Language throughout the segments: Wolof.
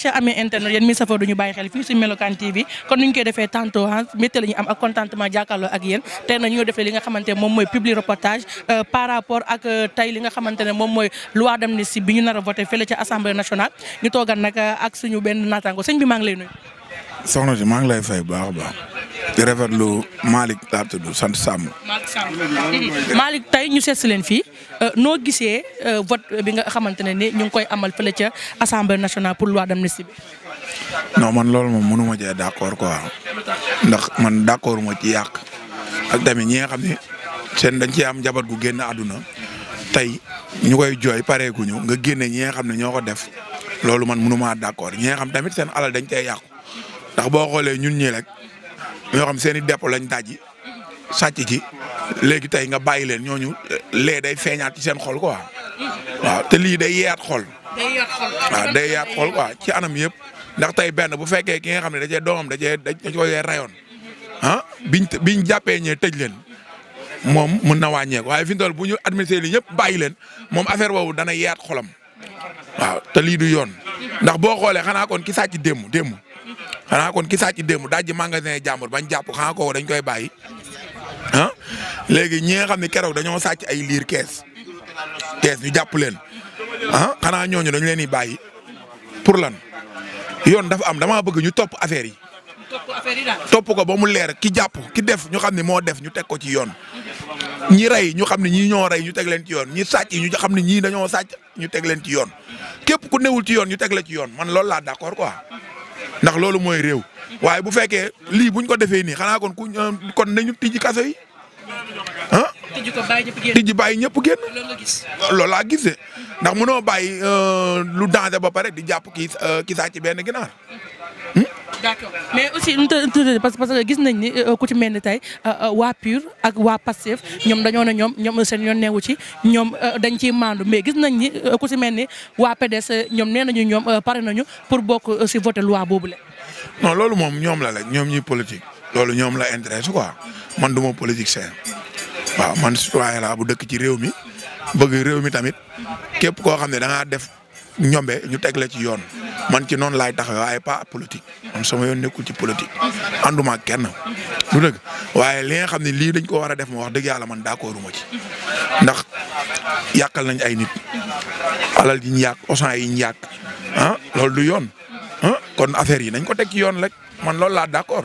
cher amee internet yéen mi safoo duñu bàyyi xel fii si Melokaan TV kon ni ñu koy defee tantôt ah métti la ñu am ak contentement jàkkaarloo ak yéen tey na ñu defee li nga xamante moom mooy public reportage euh, par rapport ak euh, tey li nga xamante ne moom mooy loi d'amnistie bi ñu nar a voté fële assemblée nationale ñu toogan euh, ak suñu benn naataango sëñ bi maa ngi lay nuyu soxna si maa ngi lay fay baax baax di rafetlu Malik laa tudd Sam. Malik, Malick tey ñu seet len fi no euh, noo euh, vote bi nga ne ni ñu amal fele ca assemblée nationale pour loi d'amnistie bi. man loolu moom mënu dakor cee d' quoi ndax man dakor mo ma ci yàq ak dami ñi nga xam ne dañ ci am jabar gu aduna, tay tey ñu koy jooy pareeguñu nga génne ñi nga xam ko def loolu man mënu maa ñi nga xam tamit alal dañ ndax ñun ñoo xam seen i dépôt lañ dajji sàcc ci tey nga bàyyi leen ñooñu lee day feeñaat ci seen xol quoi waaw te lii day yeeyaat xol. day yeeyaat xol waaw day yeeyaat xol quoi ci anam yëpp ndax tey benn bu fekkee ki nga xam ne da cee daj da cee da cee rayoon ah biñ biñ jàppee ñee tëj leen moom mën na wàññeeku waaye fi mu toll bu ñu administré lii ñëpp bàyyi leen moom affaire boobu dana yeeyaat xolam waaw te lii du yoon ndax boo xoolee xanaa kon ki sàcc démb démb xanaa kon ki sàcc démb dajji magasin jàmbur bañ jàpp xanaa kooku dañ koy bàyyi ah léegi ñi nga xam ne keroog dañoo sàcc ay liir kees kees ñu jàpp leen ah xanaa ñooñu dañ leen di bàyyi pour lan yoon dafa am damaa bëgg ñu topp affaire yi. topp affaire yi daal topp ko ba mu leer ki jàpp ki def ñu xam ne moo def ñu teg ko ci yoon. ñi rey ñu xam ne ñii ñoo rey ñu teg leen ci yoon ñi sàcc ñu xam ne ñii dañoo sàcc ñu teg leen ci yoon képp ku newul ci yoon ñu teg ci yoon man loolu laa d'accord quoi. ndax loolu mooy réew waaye bu fekkee lii buñ ko defee nii xanaa kon ku euh, kon nañu tijji kaso yi ah. tijji ko bàyyi ñëpp génn loolu nga gis laa gisee ndax mënoo bàyyi euh, lu danger ba pare di jàpp kii euh, kii saa ci benn ginaar. d'accord mais aussi nu mu parce que gis nañ ni euh, ku ci mel ni tey euh, euh, waa PUR ak waa PASTEF ñoom dañoo ne ñoom ñoom seen yoon neewu ci ñoom dañ ciy maandu mais gis nañ ni ku ci mel ni waa PDS ñoom nee nañu ñoom pare nañu pour bokk si voté loi boobu la. non loolu moom ñoom la la ñoom ñuy politique loolu ñoom la intéresse quoi man du ma politique seen waaw man citoyen la bu dëkk ci réew mi bëgg réew mi tamit képp koo xam ne da ngaa def ñombe ñu teg la ci yoon. man ci noonu laay taxawee waaye pas politique man soma yoon nekkul ci politique ànduma ak kenn. du dëgg waaye li nga xam ne lii dañ ko war a def ma wax dëgg yàlla man d'accorduma ci ndax yàqal nañ ay nit alal yi ñu yàq osan yi ñu yàq ah loolu du yoon ah kon affaire yi nañ ko teg ci yoon rek man loolu laa d'accord.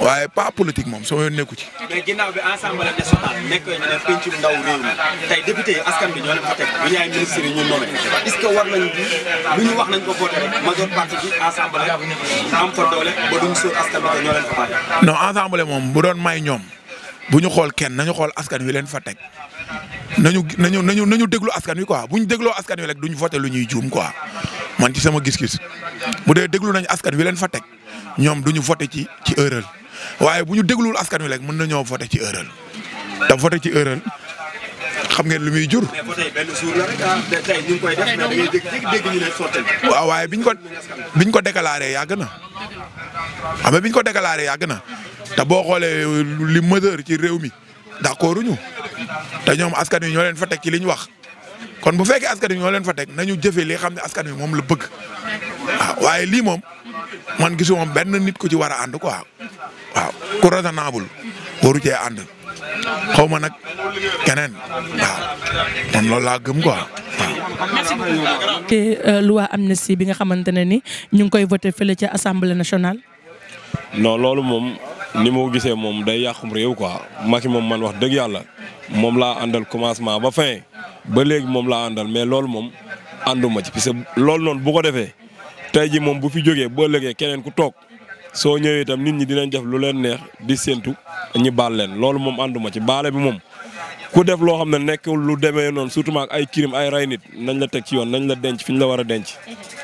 waaye pas politique moom sama yoon nekku ci. mais ginnaaw bi ensemble national nekk ñu ne penc ndaw réew mi tey député yi askan bi ñoo leen fa teg bu ñu ay que war nañu di lu ñu wax nañ bi askan bi te ñoo leen fa fàtte. non ensemble moom bu doon may ñoom bu ñu xool kenn nañu xool askan wi leen fa teg nañu nañu nañu nañu déglu askan wi quoi bu ñu dégloo askan wi rek duñ voté lu ñuy juum quoi. man ci sama gis-gis bu dee déglu nañ askan wi leen fa teg ñoom du ñu voté ci ci erreur waaye bu ñu déglul askan wi rek mën na nañoo voté ci erreur te voté ci erreur xam ngeen lu muy jur. Ah, waaw waaye biñ ko biñ ko déclaré yàgg na xam ah, nga biñ ko déclaré yàgg na te boo xoolee li majeur ci réew mi d'accorduñu te ñoom askan wi ñoo leen fa teg ci liñ wax. kon bu fekkee askan wi ñoo leen fa tek nañu jëfé li xam askan wi mom la bëgg ah, waaye li mom man gisu moom benn nit ku ci wara and quoi waaw ku raisonnable waru ci and xawma nak kenen waaw man loolu la gëm quoi ke euh, loi amnesty bi nga xamantene ni ñu ngi koy voter fele ci assemblée nationale. non loolu mom ni mo ko mom day yakum rew quoi Macky man wax deug yalla mom la andal commencement ba fin. ba léegi moom la àndal mais loolu moom ànduma ci parce que loolu noonu bu ko defee tey ji moom bu fi jógee boo lëgee keneen ku toog soo ñëwee itam nit ñi dinañ def lu leen neex di séentu ñi baal leen loolu moom ànduma ci baale bi moom ku def loo xam ne nekk lu demee noonu surtout ay crime ay ray nit nañ la teg ci yoon nañ la denc fi ñu la war a denc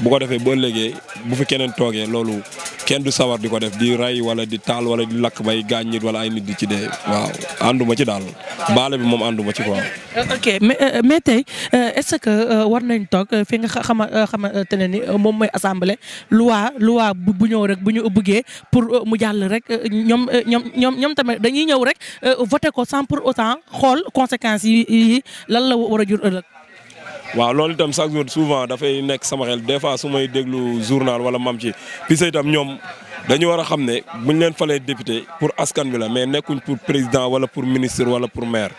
bu ko defee boo lëgee bu fi keneen toogee loolu kenn du sawar di ko def di rey wala di taal wala di lakk bay gaañ nit wala ay nit di ci dee waaw ànduma ci daal baale bi moom ànduma ci quoi. Euh, ok mais euh, mais tey euh, est-ce que war nañ toog fi nga xama xamante ne ni moom mooy assemblée loi loi bu ñëw rek bu ñu buggee pour mu jàll rek ñoom ñoom ñoom ñoom tamit dañuy ñëw rek voté ko sans pour autant xool conséquences yi lan la war a jur ëllëg. waaw loolu itam chaque jour souvent dafay nekk sama xel des fois su déglu journal wala mam ci puis itam ñoom dañu war a xam ne bu ñu leen falee député pour askan bi la mais nekkuñ pour président wala pour ministre wala pour maire.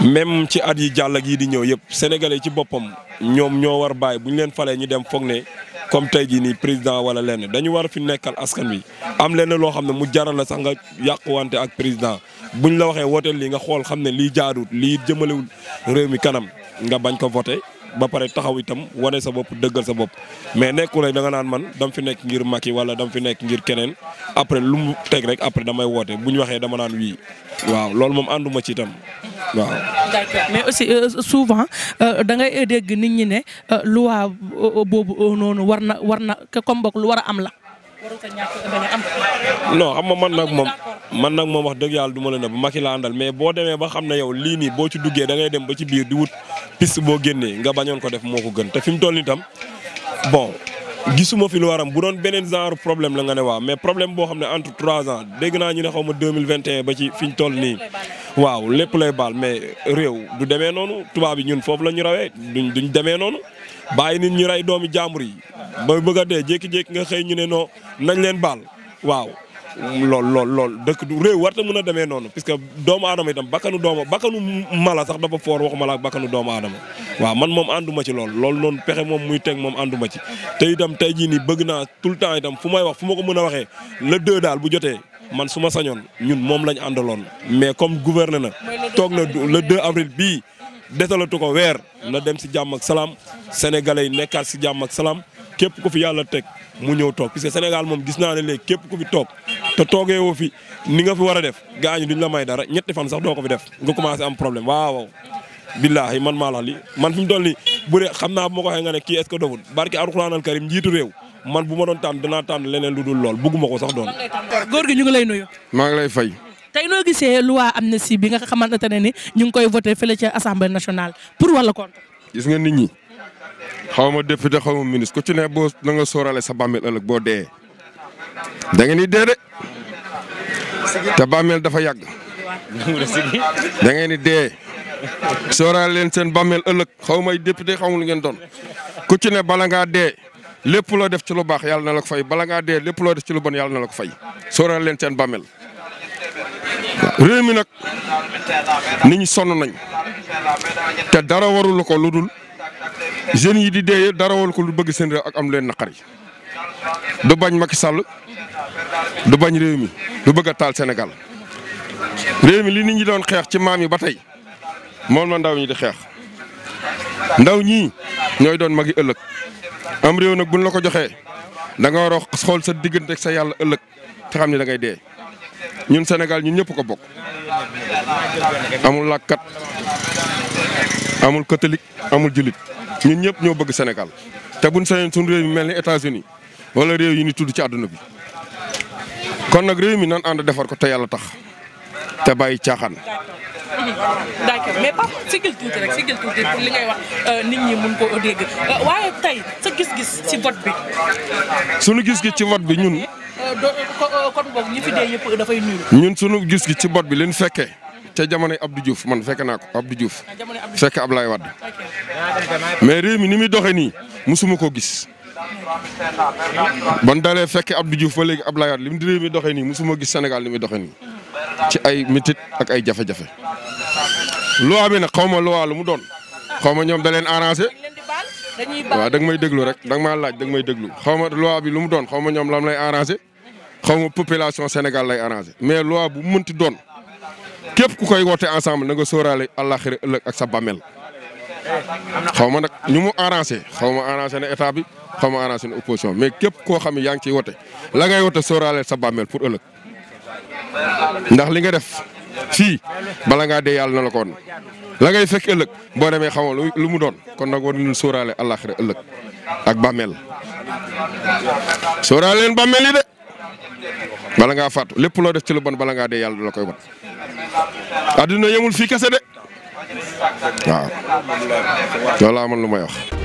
même ci at yi jàll ak yi di ñëw yëpp sénégalais ci boppam ñoom ñoo war bàyyi bu ñu leen falee ñu dem foog ne comme tey jii nii président wala lenn dañu war a fi nekkal askan wi am lenn loo xam ne mu jaral la sax nga yàquwante ak président buñ la waxee wooteel lii nga xool xam ne lii jaadut lii jëmalewul réew mi kanam nga bañ ko voté ba paré taxaw itam woné sa bop deugal sa bop mais nekkul ne da nga nan man dam fi nek ngir maki wala dam fi nek ngir kenen après lu mu teg rek après damay woote buñ waxé dama nan wi waaw loolu moom ànduma ci itam waaw. mais aussi euh, souvent euh, da ngay dégg nit ñi né euh, loi bobu noonu warna warna ke na comme boog lu wara am la. non xam ma man nak mom man nak mom wax deug yalla duma la nëbb Macky laa andal mais bo demee ba xam yow li ni bo ci duggé da ngay dem ba ci biir di wut. piste boo génnee nga bañoon ko def moo ko gën te fi mu toll nii tam bon gisuma fi lu waram bu doon beneen genre problème la nga ne waaw mais problème boo xam ne entre trois ans dégg naa ñu ne xaw ma deux mille ba ci fi ñu toll nii waaw lépp lay baal mais réew du demee noonu tubaab yi ñun foofu la ñu rawee duñ duñ demee noonu bàyyi nit ñi ray doomi jàmbur yi ba bëgg dee jékki-jékki nga xëy ñu ne noo nañ leen baal waaw. lool lool lool dëkk du réew warta mën a deme noonu parce que aadama itam bakkanu doomu bakkanu mala sax dafa foor waxuma la ak bakkanu doomu aadama waaw man moom ànduma ci lool loolu noonu pexe moom muy teg moom ànduma ci tey itam tey ji nii bëgg naa tout le temps itam fu may wax fu ma ko mën a waxee la deux daal bu jotee man su ma sañoon ñun moom lañ àndaloon mais comme gouverne na toog na la 2 avril bii desalatu ko weer na dem si jàmm ak salaam sénégalais yi nekkaat si jàmm ak salaam képp ku fi yàlla teg mu ñëw toog Sénégal moom gis naa ne léegi képp ku fi toog te toogee woo fi ni nga fi war a def gaañu duñ la may dara ñetti fan sax doo ko fi def nga commencé am problème waaw waaw. billahi man maa la li man fi mu doon nii bu xam naa bu ma ko waxee nga ne kii est-ce que karim njiitu réew man bu ma doon tànn danaa tànn leneen lu dul lool bugguma ko sax doon. góor gi ñu ngi lay nuyu. maa ngi lay fay. tey noo gisee loi amnistie bi nga xamante ne ni ñu ngi koy voté fële ca assemblée nationale pour wala contre. gis nga nit ñi xaw ma député xaw ma ministre ku na nga sóoraale sa bàmmeel ëllëg boo dee da ngeen di dee de te bàmmeel dafa yàgg da ngeen di dee sóoraale leen seen bàmmeel ëllëg xaw may député xaw ma lu ngeen doon ku ci ne bala ngaa dee lépp loo def ci lu baax yàlla na la ko fay bala ngaa dee lépp loo na la ko fay sóoraale leen seen bàmmeel réew mi nag nit ñi sonn nañ te dara warul ko lu dul jeunes yi di dee dara warul ko lu bëgg seen réew ak am leen naqari yi du bañ Macky Sall du bañ réew mi du bëgg taal Sénégal réew mi li nit ñi doon xex ci maam yi batay mo moom ndaw ñi di xex ndaw ñi ñoy doon magi ëlëk am réew nak buñ la ko joxé da nga war xol sa diggante ak sa yalla ëlëk te xamni da ngay dé ñun Sénégal ñun ñëpp ko bok amul lakkat amul catholique amul julit ñun ñëpp ñoo bëgg Sénégal té buñ sañ sun réew mi melni États-Unis wala réew yi ni tuddu ci aduna bi kon nak rew mi nan and defar ko te yalla tax te bàyyi tiaxan d'accord mais pas sigil tuuti rek sigil tuuti pour li ngay wax euh, nit ñi mun koo dégg euh, waaye tay sa gis-gis ci vote bi. suñu gis-gis ci vote bi ñun. Euh, kon boog ñi fi dee yëpp dafay nuyu. ñun sunu gis-gis ci vote bi leen fekkee. ca jamonoy Abdou Diouf man fekk naa ko Abdou Diouf. Ah, fekk Ablaye Wade. mais réew mi ni muy doxee nii musuma ko gis. ban dalee fekke ab Diouf ba léegi ab Wade li mu réew mi doxee nii mosuma gis Sénégal li muy doxee nii ci ay métit ak ay jafe-jafe. loi bi nag xaw ma loi lu mu doon xaw ma ñoom da leen arrangé waaw da nga may déglu rek da nga maa laaj danga may déglu xaw ma loi bi lu mu doon xaw ma ñoom lam lay arrangé xaw ma population Sénégal lay arrangé mais loi bu mu mënti doon képp ku koy woote ensemble na nga sóoraale àllaaxira ëllëg ak sa bàmmeel xaw ma nag ñu mu arrangé xaw ma arrangé na état bi xaw ma arrangé na opposition mais képp koo xam ne yaa ngi ciy wote la ngay wote sóoraaleel sa bàmmeel pour ëllëg ndax li nga def fii bala ngaa de yàlla na la ko woon la ngay fekk ëllëg boo demee xamoo lu mu doon kon nag war nañu sóoraale àllaaxira ëllëg ak bàmmeel sóoraale leen bàmmeel yi de bala ngaa faatu lépp loo def ci lu bon bala ngaa dee yàlla da la koy wat yemul fii kese de waaw loolu laa mën lu may wax.